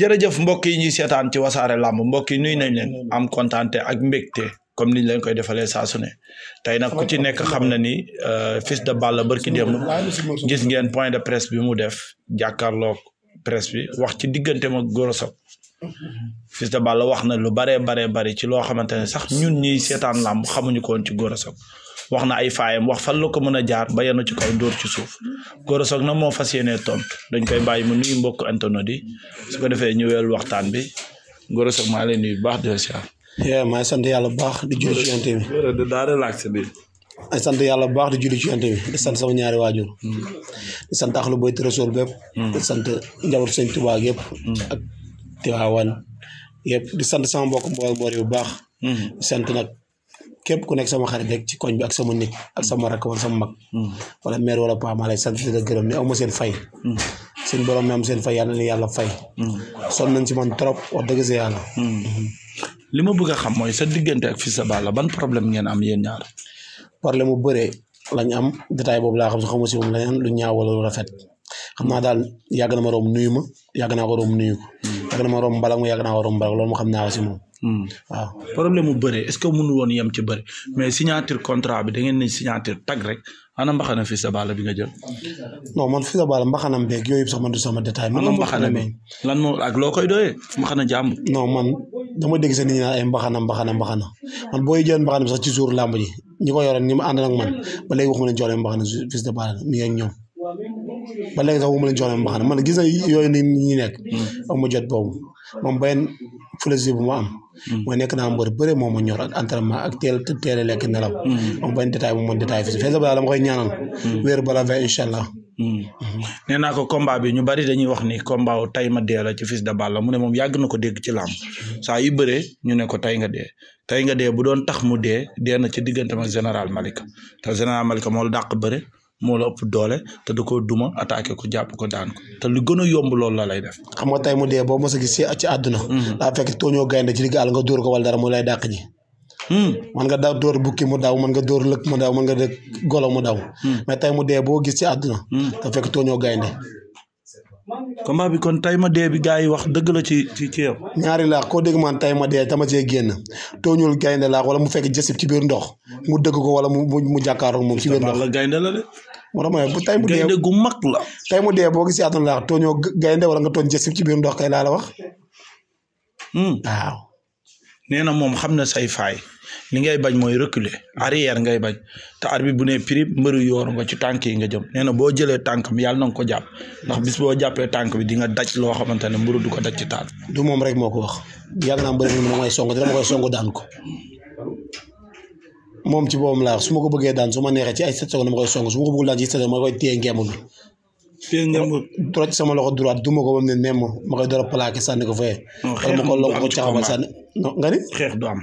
jërëjëf mbokk yi ñuy seetaan ci wasaare làmb mbokk yi nuy nañ leen am kontaante ak mbégte comme niñ leen koy defalee saa ne tey nag ku ci nekk xam na ni euh, fils de Balla barki démb gis ngeen point de presse bi mu def jàkkaarloog presse bi wax ci diggante ma Gora Sock fils de Balla wax na lu baree baree bari ci loo xamante ne sax ñun ñuy seetaan làmb xamuñu ko woon ci Gora Sock wax na ay faayam wax fan la ko mën a jaar ba yenu ci kaw dóor ci suuf Gora Sock nag moo fas yéenee tontu dañ koy bàyyi mu nuyu mbokk internet yi su ko defee ñu waxtaan bi Gora Sock maa leen nuyu bu baax di la siyaar. sant yàlla bu baax di julli ci yonent bi. daa relaxé bi. di sant yàlla bu baax di julli ci yonent bi di sant sama ñaari waajur. di sant axlu boy tërësool bépp. di sant njaboot sëñ Tuubaa yëpp. ak Tiwaawan yëpp di sant sama mbokk mboor boor yi baax. Mm-hmm. di sant nag. képp ku nekk sama xarit rek ci koñ bi ak sama nit ak sama rakk wala sama mag. Hmm. wala mère wala paa maa lay sant di la gërëm ne aw ma seen fay. Hmm. seen borom mi am seen fay yàlla na yàlla fay. Hmm. sonn nañ ci man trop wax dëgg sa yàlla. li ma bëgg a xam mooy sa diggante ak Fils de Balla ban problème ngeen am yéen ñaar. problème mu bëree lañ am détail boob laa xam si xamu si moom lañ am lu ñaaw wala lu rafet xam naa daal yàgg na ma room nuyu ma yàgg naa ko room nuyu ko. yàgg na ma room mbalag ma xam naa ko moom. Hmm. waaw problème mu bëre est-ce que mënu woon yem ci bëri mais signature contrat bi da ngeen ne signature tag rek ana mbaxana Fils de Balla bi nga jël. non man Fils de Balla mbaxanam yooyu sax man du sama détail. man mbaxana bi lan moo ak loo koy doyee mbaxana jàmm. non man dama dégg sa nit ñi ay mbaxana mbaxana mbaxana man booy jël mbaxana bi sax ci suur làmb ji ñi ko yoroon ñi ma àndal ak man ba léegi waxuma leen jox leen mbaxana ba léegi sax waxuma leen jox leen mbaxana man gis na yooyu nit ñi nekk. Hmm. am ma jot boobu moom benn flési bu ma am Mm. mooy nekk naa mbër bëre moom ma ñor ak entraînement ak teel teel a lekk nelaw am mm. bañ détail moom mën détail fi fees balaa la ma koy ñaanal mm. wéer bala vingt incha allah nee naa ko combat bi ñu bari dañuy wax ni combat wu tay ma dee la ci Fils de bala mu ne moom yàgg na ko dégg ci làmb saa yu bëree ñu ne ko tay nga dee tay nga dee bu doon tax mu dee dee na ci digganteem ak général Malika te général Malika moo la dàq moo la ëpp doole te da koo duma attaqué ko jàpp ko daan ko te lu gën a yomb loolu la lay def. xam nga tey mu dee boo mos a gis ci àdduna. Mm-hmm. daa fekk tooñoo gaynde ci digg àll nga dóor ko wala dara mu lay dàq ji. man mm. nga daw dóor bukki mu daw man nga dóor lëkk mu daw man nga dëkk golo mu daw. Mm. mais tey mu dee boo gis ci àdduna. Mm. da fekk tooñoo gaynde combat bi kon tay ma dee bi gars yi wax dëgg la ci ci ci yow. ñaari laax koo dégg man ma dee dama cee génn tooñul gaynde laax wala mu fekk jësib ci biir ndox mu dëgg ko wala mu mu jàkkaaroog moom. ci biir ndox la gaynde la moo tax ma ne bu tey mu dee gaynde gu mag la. tey mu dee boo gisee atum laax tooñoo gaynde wala nga tooñ jësib ci biir ndox kay laa la wax. Hmm. waaw. nee na moom xam na say faay ni ngay bañ mooy reculer arrière ngay bañ te arbitre bu ne prix mbëru yoor nga ci tànk yi nga jëm nee na boo jëlee tànkam yàlla na nga ko jàpp ndax bis boo jàppee tànk bi di nga daj loo xamante ne mburu du ko daj ci taal. du moom rek moo ko wax yàgg na mbëri mi moom mooy song dama daan ko. moom ci boobu laa su ma ko bëggee daan su ma neexee ci ay sept secondes ma koy song su ma ko bëggul daan ci ma koy téye ngemb bi. téye ngemb bi trop ci ko ba mu ne nemm ma koy a plaqué sànni ko fayee. xeex du am.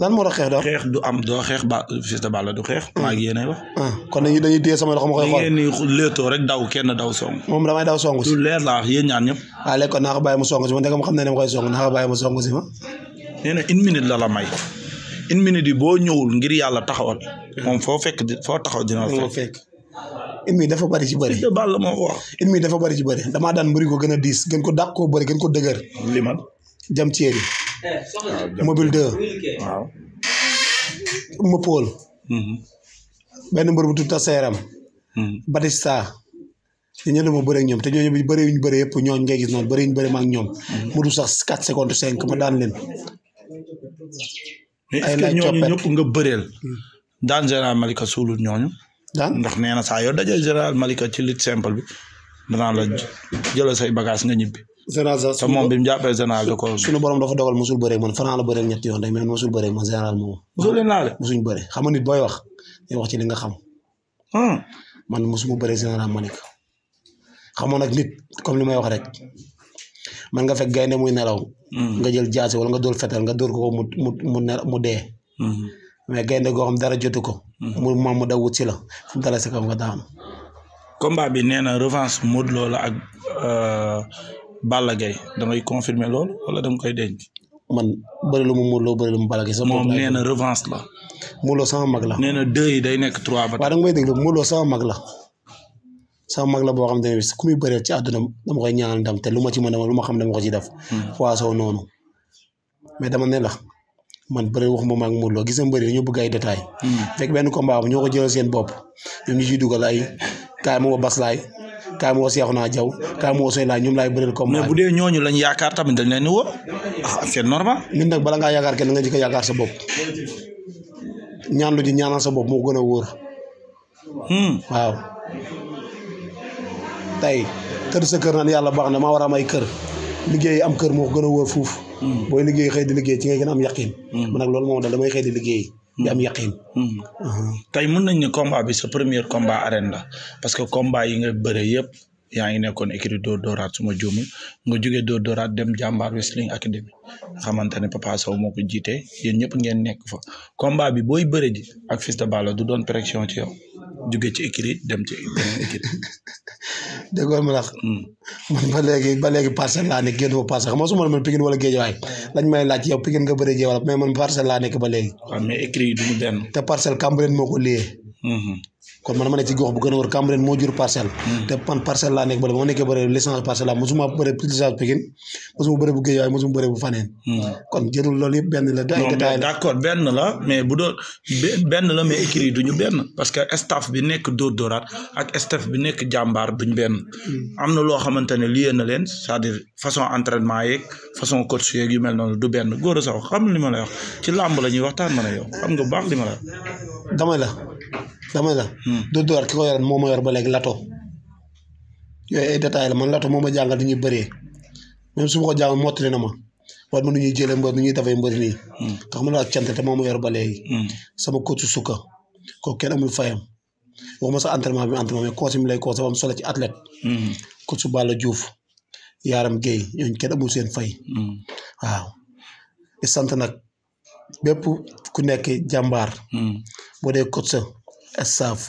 lan moo tax xeex xeex du am doo xeex ba Fils de Balla du xeex. maa ngi yéene wax. Ah, kon dañuy dañuy téye sama loxo ma koy rek daw kenn daw song. moom damay daw song si. leer laa yéen ñaan ñëpp. ah léegi kon naa ko bàyyi mu song si ma ndegam xam ne ne ma ma. nee na une minute la la may une minute boo ñëwul ngir yàlla taxawal. moom foo fekk foo taxaw dina fekk. ilmi dafa bëri ci bëri bàll moo wax dafa bëri ci bëri damaa daan bëri ko gën a diis gën ko dàq koo bëri gën ko dëgër liman jam ceeri mobile deux waaw ma pool mm-hmm. benn mbër bu tudd taseeram mm-hmm. Batista li ñoo dama bëri ak ñoom te ñooñu bi bëri yuñu bëri ngay gis noonu bëri yuñu ñoom mm-hmm. mu du sax quatre secondes ma daan leen mais est-ce que ñooñu ñëpp nga bëreel. Hmm. daan général Malika suulul ñooñu. daan ndax nee na saa yoo dajee général Malika ci lutte simple bi danaa la jëlal say bagage nga ñibbi. général sax te moom bi mu jàppee général da ko. suñu borom dafa dogal mosul bëree man Franc la bëree ñetti yoon day mel mosul bëree man général moom. mosul leen naa de mosuñ nit booy wax day wax ci li nga xam. Hmm. man mosuma bëree général Malika. xam nga nag nit comme li may wax rek man nga fekk gaynde muy nelaw mm-hmm. nga jël jaasi wala nga dóor fetal nga dóor ko ko mu mu mu mu dee mm-hmm. mais gaynde goo xam dara jotu ko mm-hmm. mu moom mu daw wut si la fu mu dala si nga daan combat bi nee na revanche Modou Lo la ak euh, Balla Gaye da ngay confirmer loolu wala dama koy denc man bëri lu mu Modou Lo bëri lu mu Balla Gaye moom nee na revanche la Modou Lo sama mag la nee na deux day nekk trois ba waaw da nga may déglu mag la sama mag la boo xam te ne ku muy bëree ci àdduna a lu hmm. dama ne la man bëri waxuma ma ak Modou Lo gis nga mbëri dañoo bëgg ay détails. Hmm. fekk ñoo ko jëlal seen bopp ñu ciy dugal ay kaay ma woo Baslaay kaay ma woo Seexuna Jaw kaay ma woo Soy Laay ñoom laay bëreel bu dee ñooñu lañ yaakaar tamit dañ leen di woo ah c'est normal. nit nag bala ngaa yaakaar kenn nga jëkk a yaakaar sa bopp ñaan lu ji ñaanal sa bopp moo gën a wóor. Hmm. waaw. tey kër sa kër naan yàlla baax na maa war am ay kër liggéey am kër moo ko gën a wóor fuuf hmm. booy liggéey xëy di liggéey ci nga gën am yaqiin hmm. man nag loolu moom dal damay xëy di liggéey di am hmm. yaqiin uh-huh. tey mën nañ ne combat bi sa première combat arène la parce que combat yi nga bëre yëpp yaa ngi nekkoon écrit dóor dóoraat suma juumul nga jógee dóor dóoraat dem jàmbaar wrestling academy nga xamante ne Papa Sow moo ko jiitee yéen ñëpp ngeen nekk fa combat bi booy bëre ji ak Fils de du doon pression jóge ci écurie dem ci beneen écurie. déggoo ma ndax. Hmm. man ba léegi ba léegi parcelle ma parcelle xam nga su ma mën Pikine wala Guédiawaye hmm. may laaj yow Pikine nga bëree Guédiawaye mais man parcelle laa nekk ba léegi. waaw ah, mais écurie yi du ñu benn. te parcelle Mm-hmm. kon man ma ne ci gox bu gën a wër Cambérène moo jur parcelle mm-hmm. te man parcelle laa nekk ba ma nekkee bëre licence parcelle laa mosuma bëre plus licence Pikine mosuma bëre bu Guédiawaye mosuma faneen mm-hmm. kon jërul loolu yëpp benn la ay détail d' benn la mais bu doon benn la mais écrit yi duñu benn parce que staff bi nekk dóor dóoraat ak staff bi nekk jàmbaar duñu benn mm. am na loo xamante ne lié na leen c'est-à-dire façon entraînement yeeg façon coach yeeg yu mel noonu du benn góor a sax li ma lay wax ci làmb la ñuy waxtaan ma ne yow xam nga baax li ma lay wax dama la. Dóor dóoraat ki ko yoroon moo ma yor ba léegi lato. yooyu ay la man lato moo ma jàngal dañuy bëree ma su ma ko jàngal mottali na ma war nu ñuy jëlee mbër nu ñuy dafay mbër nii. Hmm. nga xam ne ak te moo ma yor ba léegi. Hmm. sama coach sukka kooku kenn amul fayam. waxuma sa entraînement bi entraînement mais coach mi lay coach dafa am solo ci athlète. Hmm. coach Balla Diouf Yaram Guèye ñooñu kenn ku nekk jàmbaar. boo dee coach staff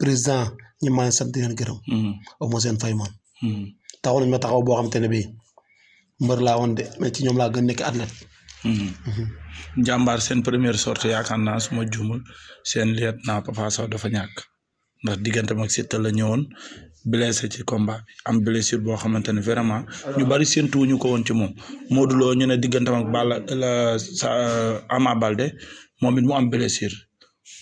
président ñi maa ngi sant di leen gërëm. Hmm. aw ma seen fay man. Hmm. ma taxaw boo xam te ne bii mbër laa woon de mais ci ñoom laa gën nekk athlète. Hmm. Mhm. jàmbaar seen première sortie yaakaar naa suma juumul seen liet naa Papa Sow dafa ñàkk ndax diggante mag Siteu la ñëwoon blessé ci combat am blessure boo xamante ne vraiment ñu bari séntu ñu ko woon ci moom Modou Lo ñu ne diggante mag Balla la Ama Baldé moom it mu am blessure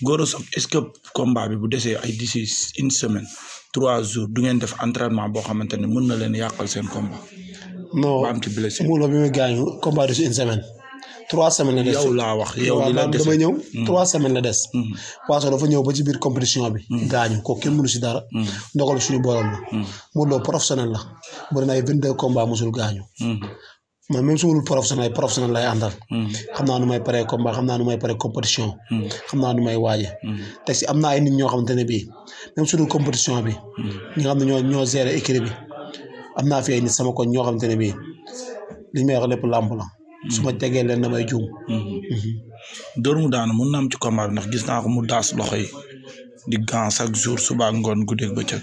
Gora Sock est-ce que combat bi bu desee ay d'ici une semaine trois jours du ngeen def entraînement boo xamante ne mën na leen yàqal seen combat. non ba am ci blessé. Modou Lo bi muy gaañu combat d'ici une semaine. trois semaines la des yow laa wax yow li la des damay ñëw. Mm. trois semaines la des. Mm. Paso dafa ñëw ba ci biir compétition bi. Mm. gaañu ko kenn mënu si dara. ndogal suñu borom la. Modou Lo professionnel la. bëri na ay vingt deux combats mosul gaañu. man même su ma dul professionnel lay àndal. Hmm. xam naa nu may paree combat xam naa nu may paree compétition. Hmm. xam naa nu may waaje. Hmm. te si am naa ay ñoo xamante ne bii même su compétition bi. ñi nga xam ne ñoo ñoo gérer équipe bi am naa fi ay sama ko ñoo xamante ne bii li ñu may wax lépp làmb la. su ma tegee leen damay juum. dóor mu daanu mën na am ci combat bi ndax gis naa ko mu daas loxo yi di gan chaque jour suba ngoon ba bëccëg.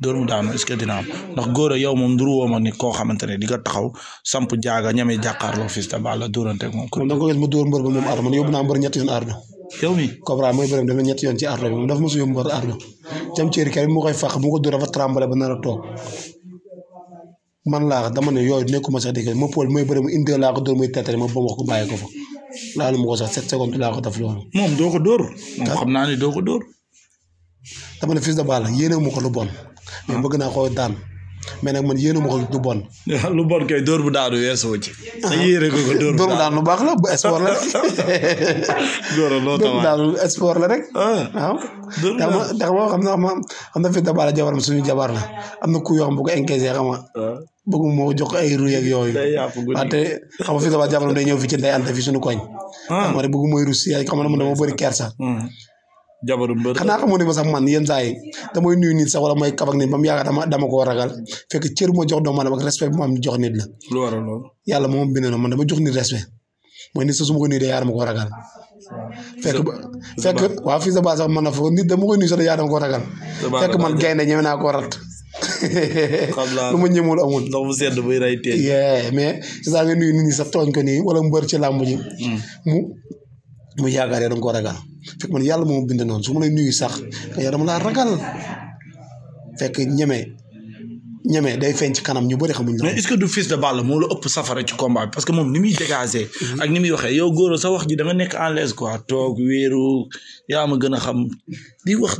dóor mu daanu est-ce dina am ndax góor a yow moom duru woo ma ni koo xamante ne di nga taxaw samp jaaga ñeme jàkkaarloo Fils de Balla da nga ko gis la moom dafa mos a yóbbu mbër aar na. jam ceeri kër bi mu koy fàq mu ko dóor a toog man laa dama ne yooyu nekkuma sax ma pool mooy bëri mu indi laa ko dóor muy ma ba wax ko bàyyi ko fa laalu ma ko sax sept secondes moom doo ko dóor. moom xam naa ne doo ko dóor. dama ne Fils de Balla yéene mu ko lu bon mais bëgg naa koo daan mais nag man yéenu ma ko lu bon. lu bon kay dóor bu daanu weesoo ci. te ah. bu daanu lu baax la bu sport la rek. dóor loo tawaay bu daanu la rek. Ah. waaw. dóor bu moo xam ne xam xam naa fi dabaara jabar la am na ku yoo xam bu ko encaissé xam nga. Ah. bëggum moo ay ruy ak yooyu. wante xam nga fi dabaara jabaram day ñëw fi ci ndey ante fi suñu koñ. xam rek bëggum mooy rus yi xam nga man dama bëri jabaru mbër xanaa xamoo ne ma sax man yenn saa yi damay nuyu nit sax wala may kaf ak nit ba mu yaakaar dama dama koo ragal fekk cër ma jox doomu aadama ak respect bi ma la. lu waral loolu. yàlla moom bind na man dama jox nit respect mooy nit sax su ma ko nuyu de koo ragal. waaw fii sa baa man na foofu nit dama koy nuyu sax de yaa dama koo ragal. fekk man gaynde ñeme naa koo rat. xam naa lu ma ñëmul amul. ndox mu sedd buy rey tey. mais saa nga nuyu nit ñi sax tooñ ko nii wala mbër ci làmb ji mm. mu mu yaakaar yow danga ko raga fekk man yàlla moo bind noonu su ma lay nuyu sax yow dama laa ragal fekk ñeme ñeme day feeñ ci kanam ñu bëri xamuñ la. mais est-ce du fils de balle moo la ëpp safara ci combat bi parce que moom ni muy dégagé. Mhm. ak ni muy waxee yow góoro sa wax ji da nekk en l'aise quoi toog wéeru yaa ma gën a xam di wax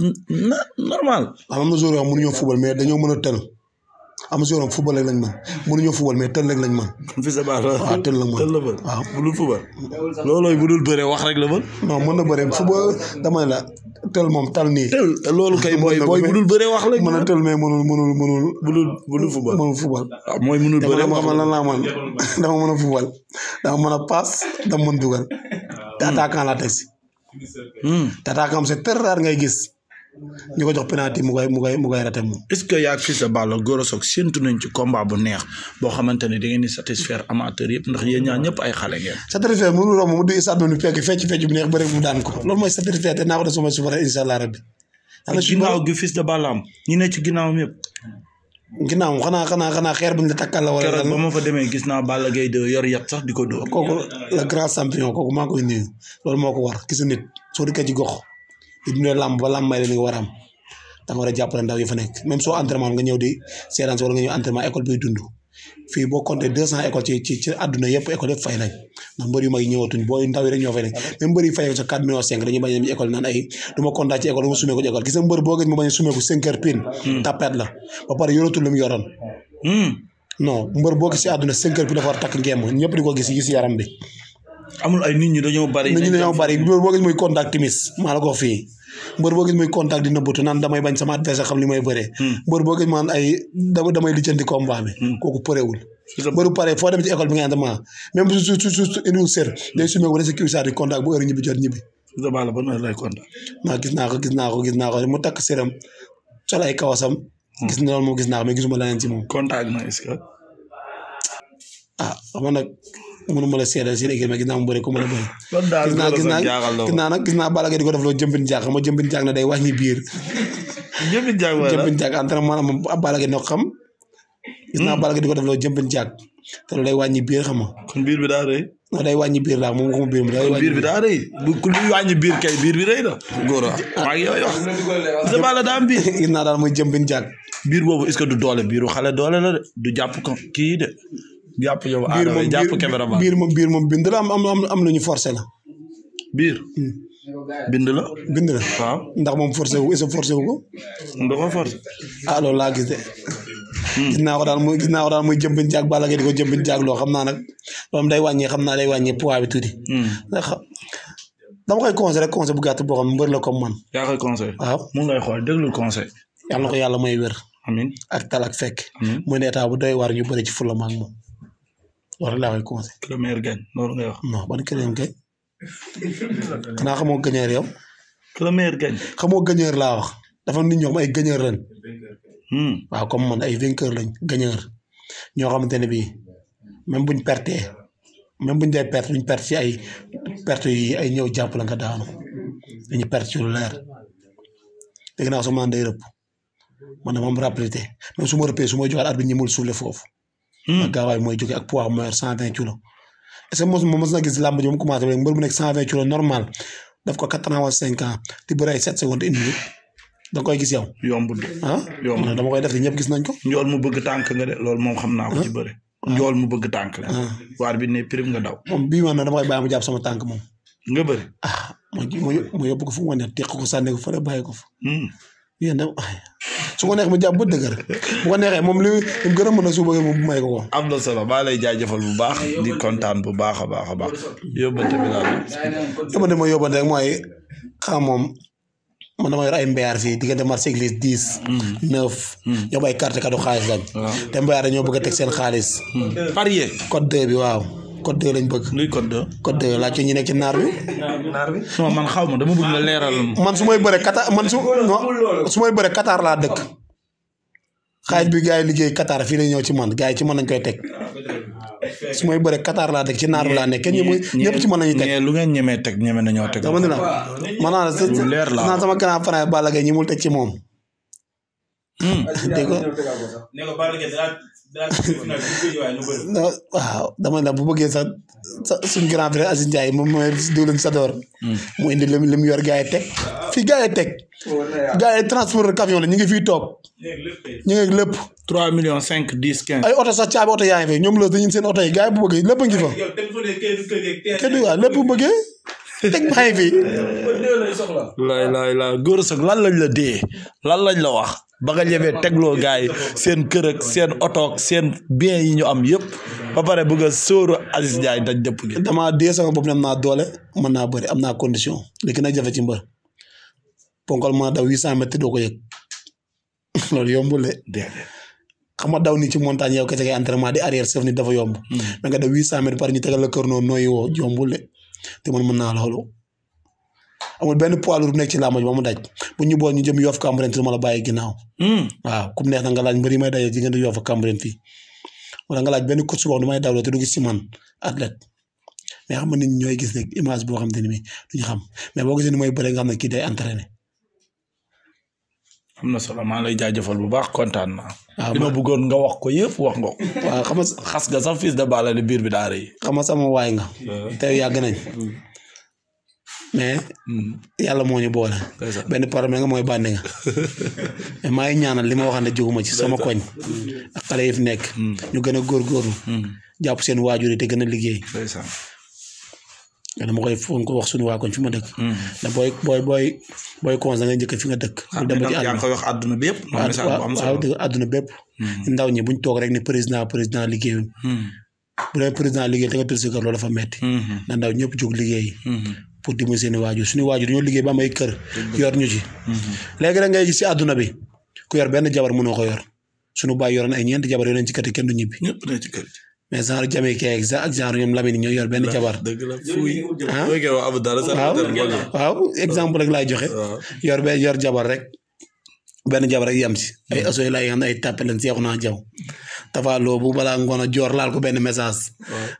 na normal. am na zone yoo xam mënuñoo fubal mais dañoo mën a tënk. am si yoonam football rek lañ mën mënuñoo mais tël rek lañ mën. fi sa baax la waaw ah, tël la mën tël la mën waaw ah. bu dul football. loolooy bu dul bëree wax rek la mën. non mën na bëree football dama ne la tël moom tal nii. tël loolu kay booy booy bu dul bëree wax rek. mën a tël mais mënul mënul mënul. bu dul bu dul football mënul football. waaw ah, mooy mënul bëree wax dama lan laa dama mën a football dama mën a paas dama mën dugal. Hmm. te attaquant laa teg si. Hmm. te attaquant gis ñu ko jox penalty mu koy mu koy mu koy xamante ne da ngeen di satisfaire amateur yëpp ndax yéen ñaar ñëpp ay xale ngeen. satisfaire mu romb mu duy stade bi xanaa xanaa xeer bu ñu la takkal la. wala keroog ba ma fa demee gis naa Balla Gaye de yor yat sax di ko dóor. kooku le grand champion loolu moo ko war gis nit soo dikkee ci gox di dundee làmb ba làmb may leen nga war a am da nga war a jàppale ndaw yi fa nekk même soo entraînement nga ñëw di séerance wala nga booy ndaw yi rek ñoo fay nañ même mbër yi fay a dem ci école naan nga mbër boo gis mu bañ a sumee ko cinq heures pile hmm. la ba pare yoratul lu mu hmm. mbër boo gis si àdduna cinq heures pile takk ngeem ñëpp di ko gis gis yaram bi amul ay nit ñi dañoo bari. nit ñi dañoo bari mbër boo gis muy contact timis maa la ko fii mbër boo gis muy contact di nëbbatu naan damay bañ sama adversaire xam li may bëree. Hmm. mbër boo gis maan ay damay lijjanti combat bi. Hmm. kooku si kii gis naa ko gis naa ko gis naa ko mu takk sëram sol ay kawasam. Hmm. gis na loolu moom gis naa ko mais gisuma leneen ci moom. contact na est-ce que. ah xam mënuma la seedal seen équipe mais gis naa a bëri gis naa gis naa gis naa nag gis naa Balla Gaye di ko def na day wàññi hmm. di ko def loolu jëmbin jaag te loolu day wàññi biir xam bi daa rëy non wàññi biir laa moom ko biir bi bi daa bi rëy na a maa naa daal mooy jëmbin jaag biir boobu est-ce que du doole biiru xale doole la de du jàpp ko kii de jàpp ñoom aadama jàpp caméraman biir moom biir moom bind la am am am nañu forcé la. biir. Hmm. bind la. bind la ndax moom forcé wu est-ce que forcé wu ko. ndox ma ah, laa gis de. Hmm. gis naa ko daal muy gis naa ko daal muy jëmbin jaag bala Gaye di ko jëmbin jaag loo xam naa nag loolu day wàññi xam naa day wàññi poids bi tuuti. Hmm. ndax dama koy conseil rek conseil bu gàtt boo xam mbër la comme man. yaa koy conseil. waaw mun ngay xool déglu conseil. yàlla na ko yàlla may wér. ak tal ak fekk. amiin mu bu doy waar ñu bëri ci fula maag moom. loolu laa koy conseillé. que le meilleur gagne loolu ngay wax. non ban keneen kay. xanaa xamoo gagneur yow. que le meilleur gagne. xamoo gagneur laa wax dafa nit ñoom ay gagneur lañ. Hmm. waaw comme man ay vainqueur lañ gagneur ñoo xamante ne bii même buñ perte même buñ dee perte duñ perte ci ay perte yi ay ñëw jàpp la nga daanu dañu perte ci lu leer dégg naa su ma day rëpp man dama am rapidité même su ma rëppee su ma joxaat at bi ñëmul suuf foofu. Hmm. ak gaawaay mooy jóge ak poids mooy cent vingt kilos est mos mos na gis làmb ji mu commencé rek mbër bu nekk cent vingt normal daf ko quatre ans cinq ans di bëre ay sept secondes koy gis yow. yombul ah yombul dama koy def di njool mu bëgg tànk nga de loolu moom xam naa ko ah? Ah. Ah. waar bi ne prime nga daw. moom bii man dama koy bàyyi mu jàpp sama tànk moom. nga bëri. ah ma yóbbu ko fu mu ne teq ko sànni ko fa bàyyi ko fa. Hmm. yéen su ko neex mu jàpp ba dëgër bu neexee moom li mu gën a mën a suba moom bu may ko ko. am na solo maa lay jaajëfal bu baax di kontaan bu baax a baax a baax yóbbante bi laa rek mooy xam moom man dama yor ay mbeyaar fii diggante marché église dix mm-hmm. neuf ñoo mm-hmm. bay carte kadu xaalis lañ te mbeyaar dañoo bëgg a teg seen xaalis mm-hmm. parier code deux bi waaw code 2 lañ bëgg. luy code 2. code 2 laajte nekk ci naar bi. naar bi man xaw ma dama bëgg nga leeral. man su may bëre Qatar man su non su may bëre Qatar laa dëkk. xaalis bi gars yi liggéey Qatar fii lay ñëw ci man gars yi ci man lañ koy teg. su may bëre Qatar laa dëkk ci naar bi laa nekk. ñe ñëpp ci mën nañu teg lu ngeen ñemee teg ñeme nañoo teg. dama ne la maanaam sama grand frère Balla Gaye ñi mul teg ci moom. Hmm. non waaw dama ne bu bëggee sax suñ grand frère Aziz Ndiaye moom mooy diwlin Sador. Hmm. mu indi li mu yor gars yi teg. fi gars yi teg. gars yi transporteur camion la ñu ngi fii toog. ñu ngi lépp. 3 millions 5 10 15. oto sax caabi oto yaa ngi ñoom la dañu seen oto yi gars yi bu bëggee lépp a ngi fa. kenn du waaw lépp bëggee. teg maa fi. laay laay laay góor sax lan lañ la dee lan lañ la wax. ba nga ñemee tegloo gars yi seen kër ak seen oto seen biens yi ñu am yëpp ba pare bëgg a sóoru Aziz Ndiaye daj dëpp gi. damaa dee sama bopp ne am naa doole mën naa bëri am naa condition li na a jafe ci mbër ponkal mën a daw huit cent mètres doo ko yëg loolu yombul de xam nga daw nii ci montagne yow kese kay entraînement di arrière chef ni dafa yomb. mais hmm. nga daw huit cent mètres par ñu tegal la kër noonu nooy woo yombul de te man mën naa loolu. amul benn poids lourd bu nekk ci làmb ji ba mu daj bu ñu boon ñu jëm Yoff Cambérène du ma la bàyyi ginnaaw. Hmm. waaw ku neex na nga laaj mbir yi may daje di ngeen di nga laaj benn course may dawloo te du gis si man athlète mais xam nga nit ñi ñooy gis rek image boo xam ne bii xam mais boo gisee ni mooy bëre nga xam ne kii day entraîné. na solo maa lay jaajëfal bu baax kontaan naa. waaw ah, li ma nga wax ko yëpp wax nga ko. waaw xam nga xas nga sax fils de Balla ne biir bi daa rëy. xam nga sama waay nga. Ah. te yàgg nañ. Hmm. mais mm-hmm. yàlla moo ñu boole. benn problème nga mooy bàndi nga mais maa ngi ñaanal li ma waxoon ne jóguma ci sama koñ. Mm-hmm. ak xale yi fi nekk. Mm-hmm. ñu gën a góorgóorlu. jàpp seen waajur yi te gën a liggéey. dama koy foog ko wax suñu waa koñ fi ma dëkk. da booy booy booy booy cons fi nga dëkk. bu ah, dem ba ci àdduna yaa ngi koy wax àdduna bépp ndaw ñi buñ toog rek ne président président liggéey bu dee président liggéey te nga tëdd si kër loolu dafa metti na ndaw ñëpp jóg liggéey pour dimbali seen i waajur suñu waajur ñoo liggéey ba am ay kër. yor ñu ci. léegi da ngay gis si àdduna bi ku yor benn jabar mënoo ko yor suñu baay yoroon ay ñeenti jabar yor nañ ci kër yi kenn du ñibbi. ñëpp dañ ci kër mais genre Jami Kay ak genre ñoom Lamine ñoo ah? waaw waaw exemple rek laay joxe. yor benn yor jabar rek. benn jabar rek yam si mm-hmm. ay aso yi laay xam ne ay tàppalen seexu naa jaw Tapha Lo bu balaa ngoon a joor laal ku benn message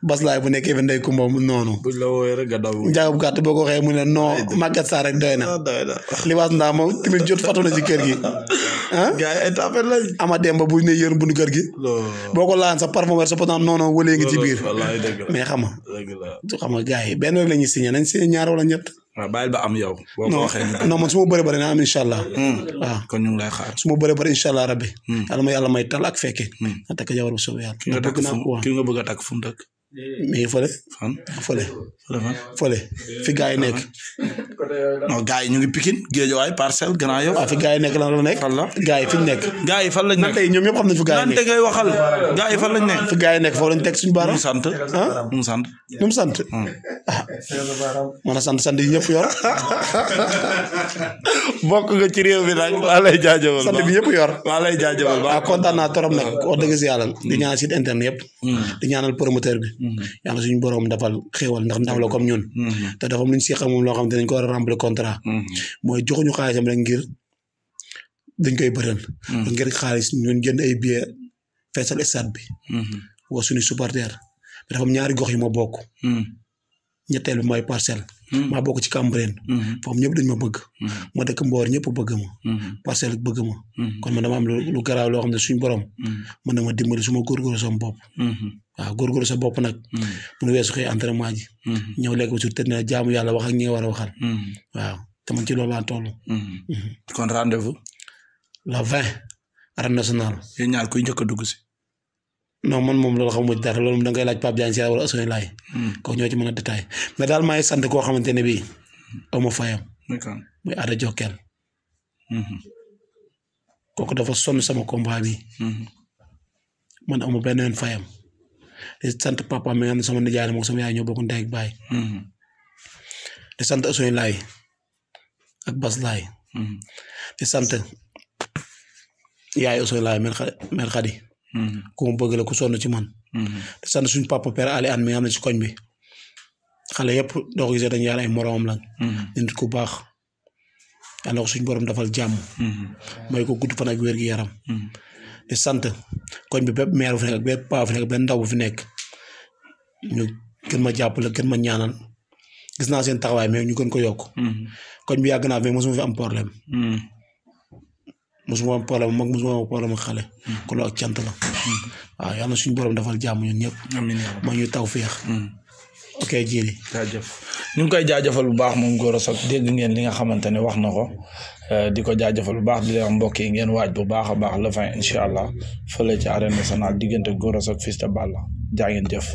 bas laay bu nekkee fi ndey kumba noonu buñ la wooyee rek nga daw njagab gàtt boo ko waxee mu ne non màggat saa rek doy na ah, li waas ndaa moom tamit jot fatu na ci kër gi ah gars yi ay tàppal bu ne yër bundu kër gi boo ko laan sa parfumeur sa potan non non wëlee ngi ci biir mais xam nga xam nga gars yi benn rek la ñuy ñaar wala ñett waaw bàyyil ba am yow. boo ko waxee non man su ma bëree bëri naa am incha allah. waaw hmm. ah. kon ñu ngi lay xaar. su ma bëree bëri incha allah rabbi. Hmm. yàlla ma yàlla may tal ak fekke. Hmm. nga takk jabar bu soobee yàlla. ki a takk Eh. mais fële fan fële fële fan fële fi gars yi nekk non yi ñu ngi Pikine Guédiawaye Parcelles Grand Yoff. waaw ah, fi gars yi nekk lan la nekk. la gars yi ñu nekk. gars yi fan lañ nekk tey ñoom ñëpp xam nañ fi gars yi nekk. nante ngay waxal yi fan lañ nekk. fi gars yi nekk foofu teg suñu baaraam. nu mu sant hmm. ah nu sant. nu mu sant. mën a sant sant yi ñëpp yor. bokk nga ci réew mi nag maa lay jaajëfal. sant bi ñëpp yor. maa lay jaajëfal. waaw ah, kontaan naa trop nag hmm. wax dëgg si yàlla. di hmm. ñaanal site internet yëpp. di ñaanal promoteur bi. Mhm. yàlla suñu borom dafal xéewal ndax ndaw la kom ñun mhm. te dafa am lu ñu seq moom loo xam ne a remplir contrat mhm. mooy joxuñu xaalisam rek ngir dañ koy bëral ngir xaalis ñun jënd ay billet feesal stade bi woo suñu supporter dafa am ñaari gox yi ma bokk ñetteel bi mooy parcelle maa bokk ci Cambérène foofu ñëpp dañ ma bëgg ma dëkk Mboor ñëpp bëgg ma parcelle bëgg ma kon man dama am lu garaaw loo xam ne suñu borom mën na ma dimbali su ma góorgóorlu sama bopp waaw góorgóorlu sa bopp nag. Hmm. bu ñu weesu xëy entraînement ji. Hmm. ñëw lekk bu suur tëdd na jaamu yàlla wax ak ñi war a waxal. Hmm. waaw te man ci loolu laa toll. kon rendez-vous. la vingt. arène nationale. yéen ñaar kuy njëkk a dugg si. non man moom loolu xamuma ci dara loolu da ngay laaj Pape Diagne si wala Ousseynou Laye. kooku ñoo a détaillé mais daal maa ngi sant koo xamante ne bii aw ma fayam. muy Ada Jokkel. kooku dafa sonn sama combat bi. man amu benn yoon fayam. di sant papa mi nga xam ne sama nijaay la moom sama yaay ñoo bokk ndey ak baay. Hmm. di sant Ousseynou Laye ak Bas Laye. Hmm. di sant yaay Ousseynou Laye mère Khady. Hmm. ku mu bëgg la ku sonn ci man. di sant suñu papa père Ali Anne mi xam ne ci koñ bi xale yëpp doo ko gisee dañu yàlla ay moromam lañ. di ku baax. yàlla ko suñu borom dafal jàmm. may ko gudd fan ak gi yaram. di sant koñ bi bépp maire bu fi nekk bépp nekk benn ndaw bu fi nekk ñu gën ma jàppale gën ma ñaanal gis naa seen taxawaay mais ñu gën ko yokk hmm. koñ bi yàgg naa mais mosuma fi am problème hmm. mosuma am problème mag mosuma am problème xale hmm. ku loolu cant la waaw yàlla na suñu borom defal jàmm ñun ñëpp ma ñuy taw féex ok jili jaajëf ñu ngi koy jaajëfal bu baax moom Gora Sock dégg ngeen li nga xamante ne wax na ko euh, di ko jaajëfal bu baax di leen wax mbokk yi ngeen waaj bu baax a baax le vingt incha allah fële ci arène nationale diggante Gora Sock Fils de Balla jaa ngeen jëf.